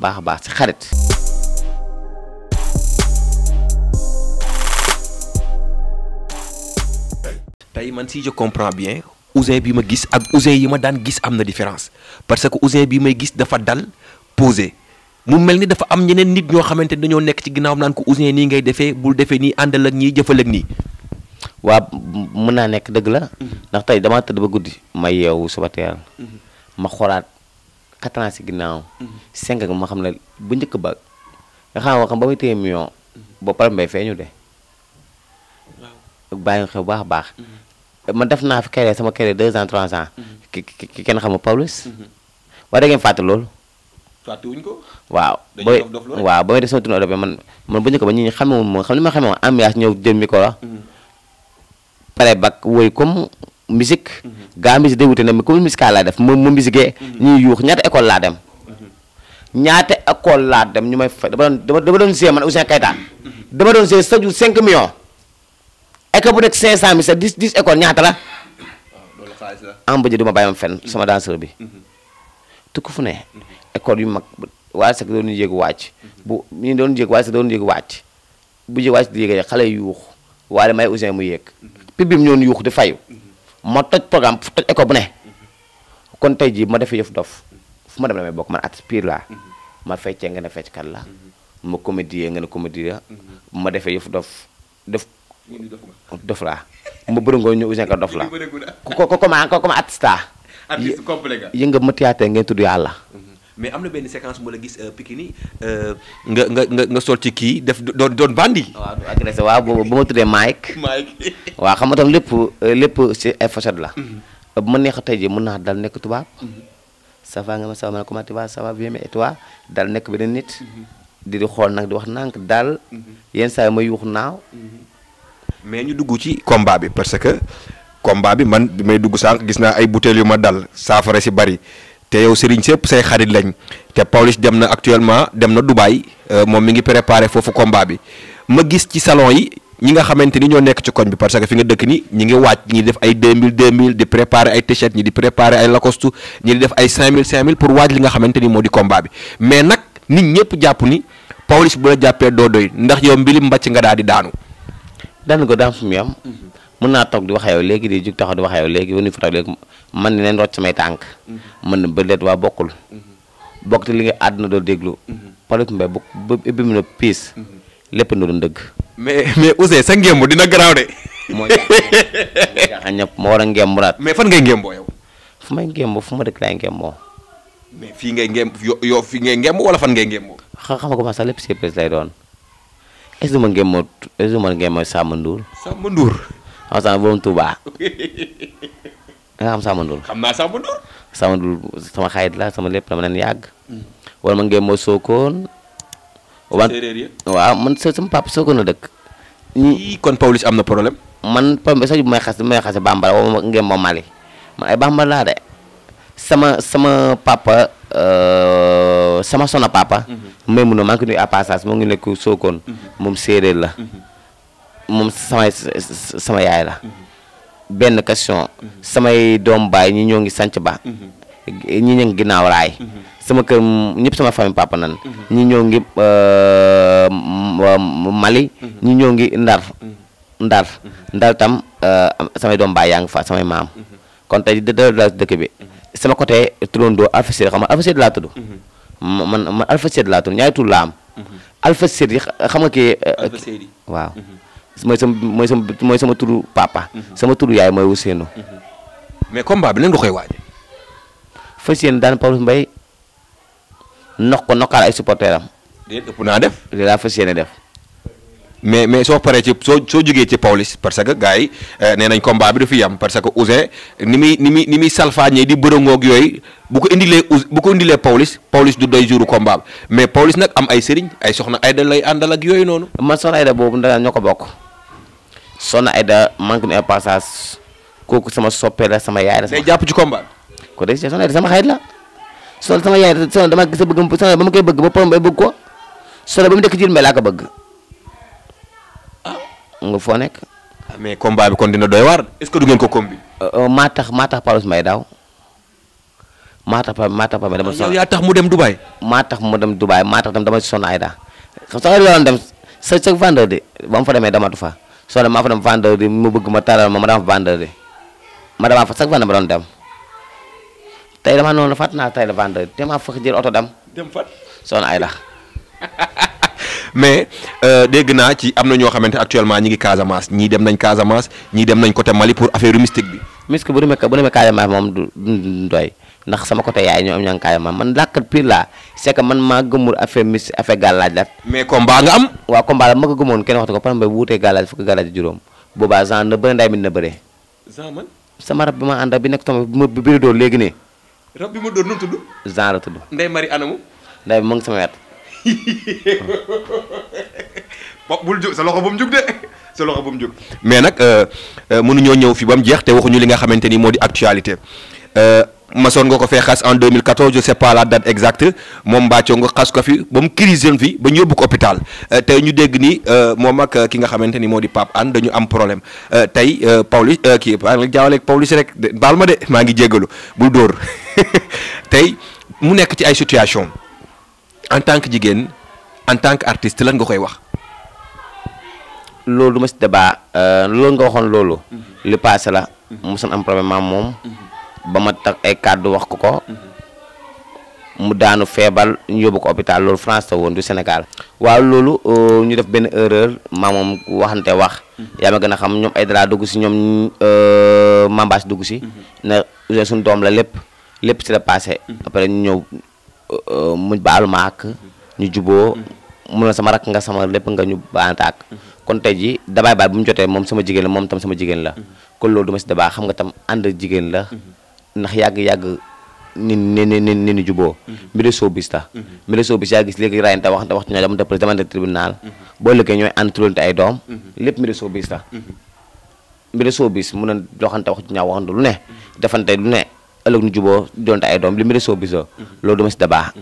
baax a baax si xarit. tey man si je comprends bien ousin bi ma gis ak ousin yi ma daan gis am na différence parce que ousin bi may gis dafa dal posé mu mel ni dafa am ñeneen nit ñoo xamante ni dañoo nekk ci ginnaawam naan ko ousin nii ngay defee bul defee nii àndal ak ñii jëfal nii. waa mën naa nekk dëgg la. Mm-hmm. ndax tey damaa tëdd ba guddi. ma yeewu suba mm-hmm. ma xoolaat quatre ans si ginnaaw. cinq ak xam ne bu njëkk ba nga xam xam ba muy téye million. ba pare mbay feeñu de. bàyyi xew baax a baax. Mm-hmm. man def naa fi carrière sama carrière deux ans trois ans. Mm-hmm. ki ki kenn xamul Pawlish. Mm-hmm. waaye da ngeen fàtte loolu. fàtte wuñ ko. waaw booy waaw ba may def sama tournée Europe man man bu njëkk ba ñu xamewul moom xam ni ma xamee woon ambiance ñëw jël micro. pare bak woy comme musique gaa musique day wute na mais comme laa def ma ma musique ñuy yuux ñaata école laa dem ñaata école laa dem ñu may fay dama doon dama doon see man Ouzin Keita dama doon see chaque jour 5 millions école bu nekk 500 mille sa 10 10 ñaata la. am bëjë du ma bàyyi ma fenn sama danseur bi tukk fu ne école yu mag waa sax doon yéeg wàcc bu ñu doon yéeg wàcc sax doon yéeg wàcc bu yéeg wàcc di yéeg xale yuux waale may Ouzin mu yéeg pib bi mu ñoon yuux di fay ma toj programme toj école bu ne kon tey jii ma def yëf dof fu ma dem damay bokk man at pire laa ma feccee nga ne fecc fecckat la ma comédie nga ne comédie ma defee yëf dof def dof laa ma bërëngoo ñu usin ka dof la ko ko comme comme artiste artiste complet nga yënga ma théâtre ngeen tudd yàlla mais am na benn sequence mu la gis euh, Pikini euh, nga nga nga nga sol ci kii def doon doon bandi. waaw du agressé ma tuddee Mike. Mike xam nga tam lépp euh, lépp ci ay façade la. Mhm. bu ma neex tey jii mën naa dal nekk tubaab. Mhm. ça va nga ma ça nekk beneen nit. Mhm. di di xool nag di wax nànk daal. yenn ma yuux naaw. ñu dugg ci combat bi parce que combat bi man bi dugg sànq gis naa ay butéel yu ma dal saafara si bari. te yow Serigne sépp say xarit lañ te Pawlish dem na actuellement dem na Dubaï euh, moom mi ngi préparé foofu combat bi ma gis ci salon yi ñi nga xamante ni ñoo nekk ci koñ bi parce que fi nga dëkk ni ñi ngi wàcc ñi def ay 2000 2000 di préparer ay t-shirt ñi di préparer ay lacoste ñi di def ay 5000 5000 pour waaj li nga xamante ni moo di combat bi mais nag nit ñëpp jàpp ni Pawlish bu la jàppee doo doy ndax yow mbilim mbàcc nga daal di daanu. daan ko daam fu mu yam mën naa toog di wax yow léegi di jug taxaw di wax yow léegi wunu fa toog léegi man ni leen rocc samay tànk mën na ba leet waa bokkul bokk te li nga àdduna doo déglu Pawlish Mbaye bokk ba ibbi mu ne piis lépp na doon dëgg mais mais Ouzin sa ngémb dina garaaw de moo jaaxal ñëpp moo war a ngémburaat mais fan ngay ngémboo yow fu may ngémbo fu ma dëkk laay ngémboo mais fii ngay ngémb yo yow fii ngay ngémb wala fan ngay ngémboo xam nga ko ma sax lépp surprise lay doon est ce que man ngeen ma est ce que man ngeen ma Samba Ndour. Samba Ndour. xam ah, Samba boobu Touba. da nga xam Samba Ndour. xam naa Samba Ndour. Samba Ndour sama xarit la sama lépp dama leen yàgg. Hmm. wala man ngeen ma Sokone. séeréer waaw man sama papa Sokone la dëkk. ñii kon Pawlish am na problème. man Pawlish sax bi may xas bi may xase bambara wala ngeen ma Mali man ay bambara laa de sama sama papa. Euh, sama sona papa. may mun a maa ngi nuyu à passage moo ngi nekk Sokone. Mhm. moom séeréer la. Mhm. moom samay yaay la. Mhm. benn question. samay doom baay ñi ñoo ngi sanc ba. ñi ñu ngi ginnaaw raay. sama kër ñëpp sama famille papa nan. ñi ñoo ngi euh, Mali. ñi ñoo ngi Ndar. Ndar Ndar tam euh, samay doom baay yaa ngi fa samay maam. kon tey dëkk bi. sama côté turandoo Alpha Sèye xam nga laa tudd. Mhm. man man Alpha Sèye laa tudd ñaari tur laa am. Mhm. Alpha nga kii. Eh, eh, Alpha mhm. sama mooy sama mooy sama turu papa. sama turu yaay mooy Ousseynou. mais combat bi daan Pawlish Mbaye noq ko noqaal ay supporteram. déet ëpp naa def. li fas yéene def. mais mais soo paree ci soo soo jógee ci Pawlish parce que gars yi euh, nee nañ combat bi du fi yam parce que Ouzin ni muy ni muy ni muy salfaañee di bërëngoog yooyu bu ko indilee Ouz bu ko indilee Pawlish Pawlish du doy jouru combat mais Pawlish nag am ay sëriñ ay soxna ay lay àndal ak yooyu noonu. man soxna Aida boobu ndax ñoo ko bokk soxna Aida manqué nu passage kooku sama soppee sama yaay la. jàpp ci combat bi. de soxna Aida sama xarit la soxna sama yaay soxna dama gis bëgg soxna ba ma koy bëgg ba problème bëgg ko soxna ba mu dëkk Diourbel laa ko bëgg. nga foo nekk. Ah, mais combat bi kon dina doy waar est-ce que ko combi. Euh, maa tax maa tax Pawlish Mbaye daaw maa tax maa tax Pawlish dama. Ah, yow yaa tax mu dem Dubaay. maa tax mu dem Dubaay maa tax dama si sonn Aïda xam sax yoon dem sa sa vendredi ba ma fa fa soo dem maa bëgg ma taral ma ma dama fa vendredi ma damaa fa chaque vendredi doon dem tey damaa noonu la naa tey la vendredi te maa fa jël oto dem. dem fat sonn mais euh, dégg naa ci am na ñoo xamante actuellement ñi ngi Casamance ñii dem nañ Casamance ñii dem nañ côté Mali pour affaire mystique bi. mystique bu demee bu demee Casamance moom du doy ndax sama am ñoo ngi Casamance man maa gëmul affaire mystique affaire gàllaaj la. mais combat nga am. waaw combat la ma gëmoon kenn waxtu ko par exemple bu wutee gàllaaj fukki gàllaaj juróom boobaa genre na bëre ndaay mi na bëre. sama rab bi ma ànd bi nekk tamit bi ma bi doon léegi ne. rab bi ma doon nu mu tudd. genre tudd. Ndeye Marie Anamu. Ndeye mu bopp bul jug sa loxo bu mu jug de sa loxo bu mu jug mais nag euh, euh, mënuñoo ñëw fii ba mu jeex te waxuñu li nga xamante ni moo di actualité euh, masoon nga ko fee xas en 2014 je sais pas la date exacte moom Mbathio nga xas ko fi ba mu crise fi ba ñu yóbbu ko hôpital tey ñu dégg nii moom ak ki nga xamante ni moo di Pape Hann dañu am problème tey Pawlish kii jaawaleeg Pawlish rek baal ma de maa ngi jéggalu bul dóor tey mu nekk ci ay situation en tant que jigéen en tant que artiste lan nga koy wax. loolu du ma si loolu euh, nga waxoon loolu. Mhm. li passé la. mosoon mhm. am problème am moom. Mhm. ba ma tax ay kàddu wax ko ko. mu daanu feebal ñu yóbbu ko hôpital loolu France woon du Sénégal. waaw loolu euh, ñu def benn erreur maa moom waxante wax. yaa ma gën a xam ñoom ay dara dugg si ñoom euh, mambaas dugg si. na suñu doom la lépp lépp ci la passé. après ñëw. Euh, mu baalu ma ak ñu juboo mu ne sama rakk nga sama lépp nga ñu baante ak kon te ji dabaay baal bu mu jotee moom sama jigéen la moom tam sama jigéen la kon loolu du ma si dabaa xam nga tam ànd jigéen la ndax yàgg-yàgg ni ni ni ni ni ni juboo mbiri showbiz tax mbiri showbiz yaa gis léegi raayante waxante waxtu ñoo damante presse damante tribunal boo lëggee ñooy ànd tuloonte ay doom lépp mbiri showbiz tax mbiri showbiz mun na doxante waxtu ñaaw waxantu lu ne defante lu ne ëllëg nu juboo donte ay doom li mu resoo biso mhm. loolu dama si da mhm.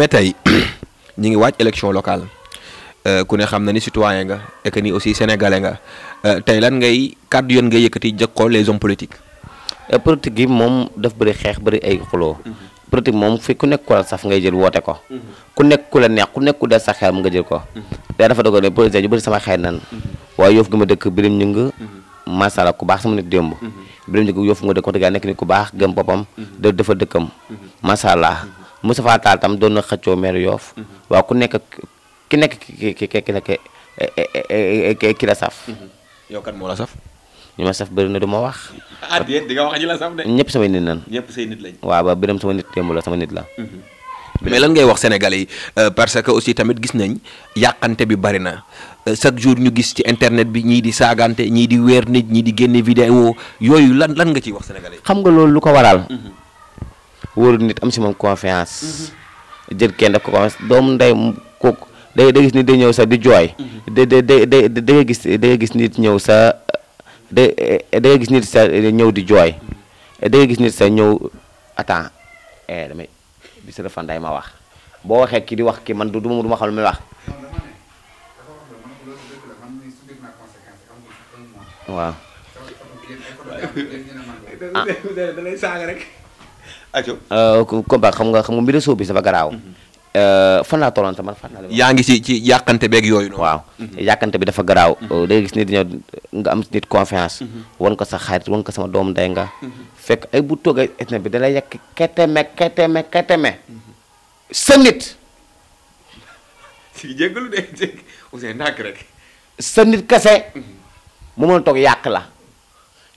euh, tey ñi ngi waaj élection locale euh, ku ne xam na ni citoyen nga et ni aussi sénégalais nga euh, tey lan ngay kàddu yoon ngay yëkkati jëkkoo les hommes politiques politique yi moom daf bëri xeex bëri ay xuloo mhm. politique moom fi ku nekk ku la saf ngay jël woote ko ku nekk ku la neex ku nekk ku dal sa xel mu nga jël ko daa dafa dogal ne président yu bëri sama xel nan waaye yoofu gi ma dëkk birim ñu ngi masala ku baax sama nit démb Birame Ndiaye Yoff nga dëkk wax dëgg nekk nit ku baax gëm boppam mhm. da dafa dëkkam mhm. macha allah mhm. Moustapha Tall tam doon na xëccoo maire Yoff waaw ku nekk ki nekk ki ki nekk ki la saf moo la ñu ma saf bëri na du ma wax ah di nga wax ñu ñëpp samay nit nan ñëpp say nit waaw ba sama nit démb la sama nit la mais lan ngay wax sénégal yi euh, parce que aussi tamit gis nañ yàqante bi bari na euh, chaque jour ñu gis ci internet bi ñii di saagante ñii di weer nit ñii di génne vidéo yooyu lan lan nga ciy wax sénégal yi. xam nga loolu lu ko waral. Mhm. wóorul nit am si moom confiance. Mhm. jël kenn def ko confiance doomu ndey kooku day day gis nit day ñëw sax di jooy. Mhm. da gis da gis nit ñëw sa da gis nit sa ñëw di joy da gis nit sa ñëw attends eh, damay. di sëriñ Fanday ma wax boo waxee ki di wax ki man du du ma xam lu may wax. waaw. ah. compa euh, xam nga xam nga mbir suuf bi dafa garaaw. Mhm. Euh, fan laa tolloon man fan laa. yaa ngi ci ci yàqante beeg yooyu noonu. waaw mhm. yàqante bi dafa garaaw. Mhm. day gis nit ña nga am nit confiance. wan ko sa xarit wan ko sama doom ndey nga. fekk ay bu toog etna bi dalay yekk keteme keteme keteme sa nit si jéggalu de Ousseyn ndànk rek sa nit kese mu mën a toog yàq la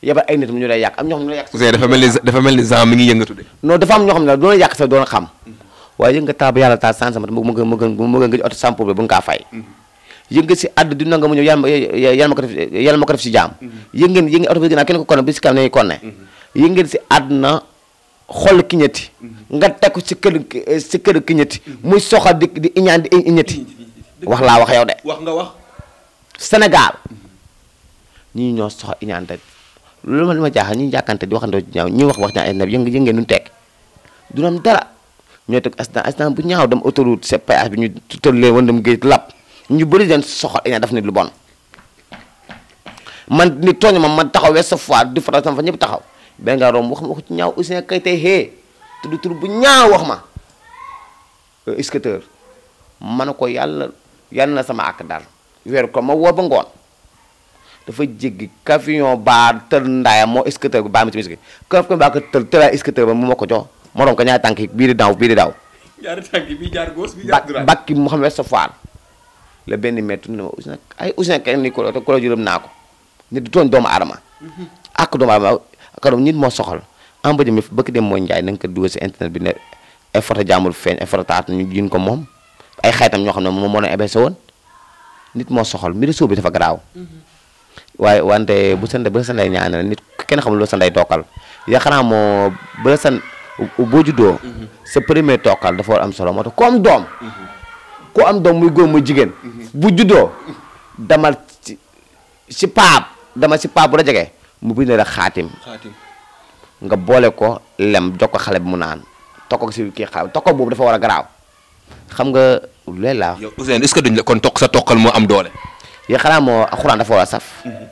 yebal ay nit mu ñu lay yàq am ñoo xam ne yàq Ousseyn ni dafa ngi yëngatu de non am ñoo xam ne doon yàq sa doon xam waaye yënga taa ba yàlla taal sans sama mu gën mu gën mu gën nga bu nga fay yënga si àdd du nanga mu ñëw yàlla ma ko def ma ko si jaam yëngeen mhm. yëngi oto a kenn ko konne bi si kanam nañu konne mhm. yëngal si àdduna xol ki ñetti mhm. nga takku si kër si kër ki ñetti mhm. muy soxal di di iñaan di ñetti wax laa wax yow de. wax nga wax. Sénégal mhm. ñii ñoo soxal iñaan de loolu ma li ma jaaxal ñuy jàkkante di waxandoo ci wax wax ñaaw ay yëngu yëngee nu teg du am dara ñooy teg accident accident bu ñaaw dem autoroute c'est bi ñu tëllee woon dem géej lab ñu bëri den soxal iñaan daf nit lu bon man ni tooñ ma man taxawee sa fois du faral sama fa ñëpp taxaw. ba nga romb wax ma ko ci ñaaw Ouzin Keita hee tudd tur bu ñaaw wax ma euh, squateur ma ne ko yàlla yàlla na sama àkk daal weeru ko ma woo ba ngoon dafa jéggi camion baa tël ndaayam moo squateur bi baa mi ci musique ba mu ma ko jox moroom ko ñaari tànk yi bii di daaw bii di daaw ñaari tànk yi bii jaar gauche bii jaar droite ma Ouzin ay Ouzin ni ko te ko naa ko nit du tooñ doomu aadama ak mhm. doomu karam nit moo soxal am ba dem bëkk dem mooy njaay nañ ko dugal si internet bi ne ay photo jaamul feeñ ay photo taat ñu jiin ko moom ay xaytam ñoo xam ne moom moo leen ebese woon nit moo soxal mbiru bi dafa garaaw mm-hmm. waaye wante bu sa bu sa ndey nit kenn xamul loo sa ndey tokkal yaakaar moo ba la sa boo juddoo mm-hmm. sa premier tokkal dafa war am solo moo tax ku am doom mm-hmm. ku am doom muy góor muy jigéen bu juddoo damal ci paab damal ci paab bu la jege mu bind la xaatim. xaatim nga boole ko lem jox ko xale bi mu naan tokkoog si kii xaatim tokkoog boobu dafa war a garaaw xam nga loolu laa. yow Ousseynou est-ce duñ la sa toqal moo am doole. yow xanaa moo alxuraan dafa war a saf. Mm-hmm.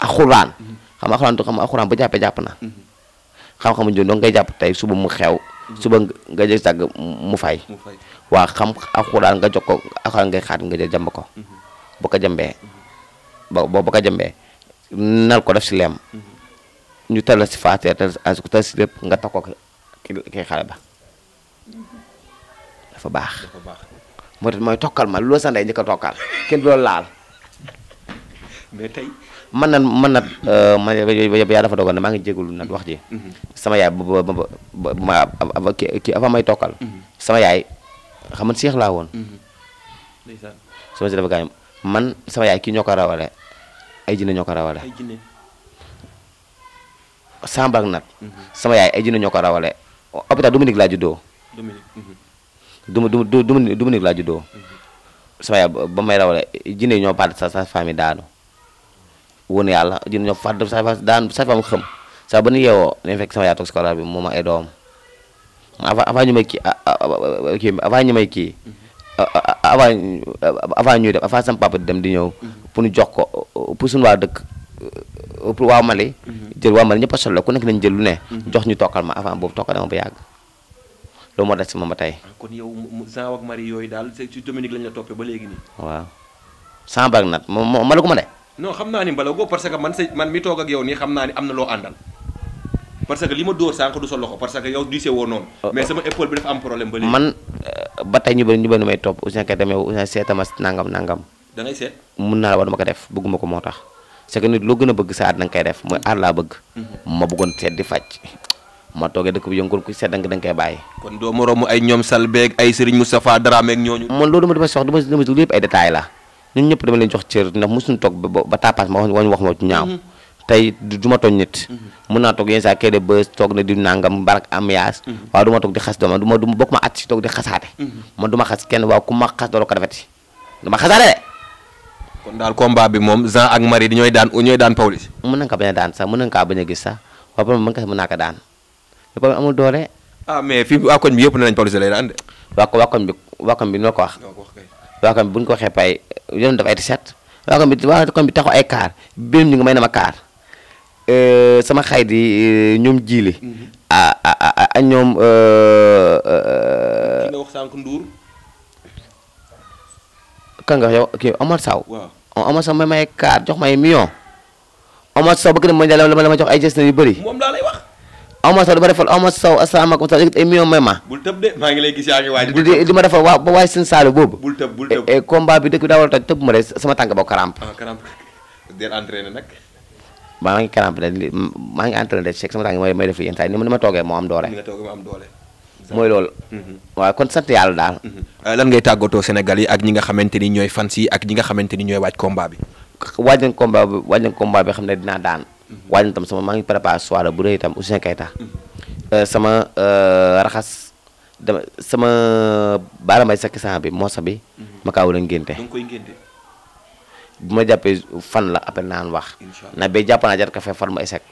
alxuraan. Mm-hmm. xam nga alxuraan xam ba jàppee jàpp na. Mm-hmm. xam-xamu jooju donc ngay jàpp tey suba mu xew. suba nga jël sàgg mu fay. waa xam alxuraan nga jox ko alxuraan ngay xaatim nga jël jàmb ko. bu ko jàmbee ba ba ko jàmbee. nal ko def si leem ñu tala si faatee tal si lépp nga takk ko ki xale ba dafa baax moo tax mooy tokkal ma loo sa ndey njëkk a tokkal kenn du man na man na euh, ma yaa dafa dogal ne maa ngi jégalu nag wax ji mhm. sama yaay ba ba ma kii avant may tokkal mhm. sama yaay xam man seex laa woon mhm. sama si dafa gaañu man sama yaay kii ñoo ko rawale ay jinne ñoo ko rawale sambak nag mhm. sama yaay ay jinne ñoo ko rawale hôpital Dominique laa juddoo dum dum dum sama yaay ba may rawale jinne ñoo paat sa sa famille daanu woon yàlla jinne ñoo faat sa daanu sa famille xam saa ba nu yeewoo dañ fekk sama yaay toog si bi moom ay doom avant ñu may may kii mhm. avant avant ñuy dem avant sama papa di dem di ñëw. Mhm. pour ñu jox ko pour suñu waa dëkk pour waa Mali. Mhm. jël waa Mali ñëpp solo ku nekk nañ jël lu ne. Mhm. jox ñu tokkal ma avant boobu tokkal ma ba tey. Ah, kon yow Jean ak Marie yooyu daal ci Dominique lañ la toppee ba léegi nii. waaw sans bag nag ma ma ma ma de. non xam naa ni mbalagoo parce que man sa man mi toog ak yow nii xam naa ni am na loo àndal. parce que li ma dóor sànq du sa loxo parce que yow diisee woo noonu. Oh. mais sama épaule bi dafa am problème ba léegi. ba tey ñu bëri ñu bëri may topp Ouzin Keita mais Ouzin seetama nangam nangam. mun naa la war ma ko def bëgguma ko moo tax c'est que nit loo gën a bëgg sa aar da nga koy def mooy aar laa bëgg. Mhm. ma bëggoon seet di faj. ma toogee dëkk bi yëngul ku seet da nga koy bàyyi. kon doo moromu ay ñoom Salbeeg ay Serigne Moustapha Dramé ak ñooñu. man loolu dama dama sox dama dama ay détails la ñun ñëpp dama leen jox cër ndax mosuñu toog ba ba tapas ma wax wax ma ñaaw mhm. tey du ma tooñ nit mhm. mun naa toog yenn saa kay de bës toog na di nangam barak am yaas mhm. waaw du ma toog di xas dooma du ma du ma ma at si toog di xasaate ma du ma xas kenn waaw ku ma xas doolo ko rafet du ma xasaate de kon bi moom Jean ak Marie di ñooy daan ñooy daan Pawlish mën na ko bañ daan sax mën na kaa gis sax waaw problème ko daan le problème ah, fii waa yëpp ne nañ Pawlish lay daan de waa waa koñ bi bi ko wax waa koñ bu ñu ko waxee pay yoon dafa ay ti set waa koñ bi waa koñ bi taxu ay kaar birim ñu ngi may na ma kaar Euh, sama xayit yi euh, ñoom jiili. Mm-hmm. ah ah ah, ah ñoom. Euh, ki nga wax sànq Ndour. kan nga wax yow kii Omar Sow. waaw oh, Omar Sow may may kaar jox may million. Omar Sow bëgg na ma la ma jox ay gestes yu bëri. moom laa lay wax. Omar Sow dama defal Omar Sow asalaamaaleykum salaam ay million may ma. bul tëb de maa ngi lay gis yaa ngi waaj. di di ma defal waa ba waay seen saalo boobu. bul tëb bul tëb eh, eh, combat bi dëkk bi daa war a toj tëb ma de sama tànk boobu karamp. ah karamp del entraîné nag. maa ngi crampe de maa ngi entraîné de seeg sama tànk may may def yenn saa yi ni ma toogee moo am moo am mooy loolu. Mhm. waaw kon sant yàlla daal. Mhm. Euh, lan ngay tàggatoo Sénégal yi ak ñi nga xamante ni ñooy fans yi ak ñi nga xamante ni ñooy waaj combat bi. waaj nañ combat bi waaj xam ne dinaa daan. Mhm. waaj na tam sama maa ngi a soirée bu rëy itam Ouzin Keita. Euh, sama euh, raxas dama sama baaraamay sakki sang bi moosa bi. ma kaaw la ngénte. bu ma jàppee fan la après naan wax. na ba jàpp naa jar ka fee far mu échec.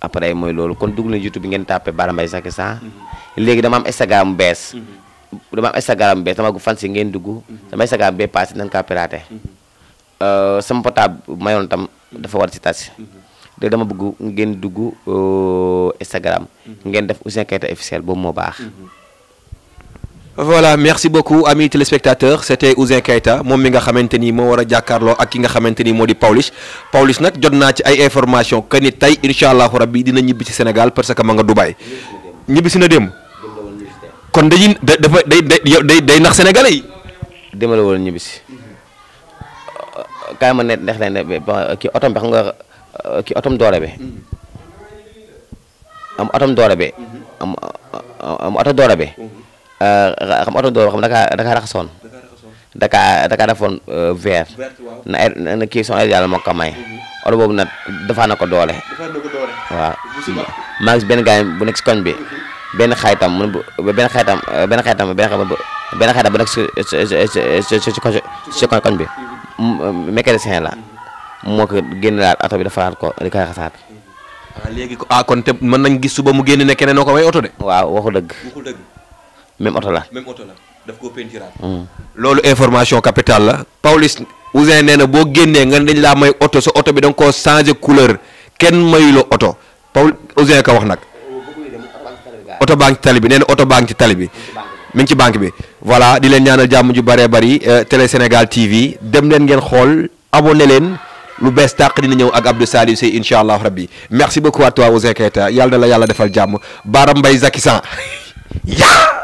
après mooy loolu kon dugg na YouTube bi ngeen tàppee Bara Mbaye Seck saa. Mm-hmm. léegi dama am Instagram bu bees. Mm-hmm. dama am Instagram bu bees dama ko si ngeen dugg. Mm-hmm. sama Instagram bee paase nañ kaa piraté. Euh, sama portable mayoon tam dafa war ci tas. léegi dama bëgg ngeen dugg euh, Instagram. ngeen def Ouzin Keita officiel boobu moo baax. voilà merci beaucoup amis téléspectateurs c'était Ouzin Keita moom mi nga xamante ni moo war a jàkkaarloo ak ki nga xamante ni moo di Pawlish Pawlish nag jot naa ci ay information que ni tey incha allahu rabbi dina ñibbi ci Sénégal parce que ma nga Dubaï ñibbi si na dem kon dañuy da dafa day day day nax sénégalais yi. demal woon ñibbi si kaay ma ne neex na ne ki otom bi xam nga ki otom doole am otom doole bi am am oto Euh, xam oto doon xam dakaa dakaa raxasoon dakaa dakaa defoon na air na kii son air yàlla moo ko mhm. boobu nag defaa na ko doole waaw maa benn gaay bu nekk si koñ bi mhm. benn xaytam mu benn xaytam euh, benn xaytam benn xaytam benn xaytam bu nekk si si si si koñ bi mhm. euh, la moo ko génn bi defaraat raxasaat ah, ah, kon te mën nañ gis suba mu génn ne keneen noo ko way oto de waaw waxu dëgg même oto la même oto la daf koo pentiraat. Hmm. loolu information capital la. Pawlish Ouzin nee na boo génnee nga dañ laa may oto sa oto bi danga nga koo changé couleur kenn mayuloo oto Paul Ouzin ka wax nag. oto banque ngi ci bi nee oto baa ngi ci tali bi. mi ngi ci banque bi voilà di leen ñaanal jàmm ju bëree bëri eh, Télé Sénégal TV dem leen ngeen xool abonné leen lu bees tàq dina ñëw ak Abdou Saliou Sey incha allah rabbi merci beaucoup à toi Ouzin Keita yàlla la yàlla defal jàmm Baara mbay Zaki San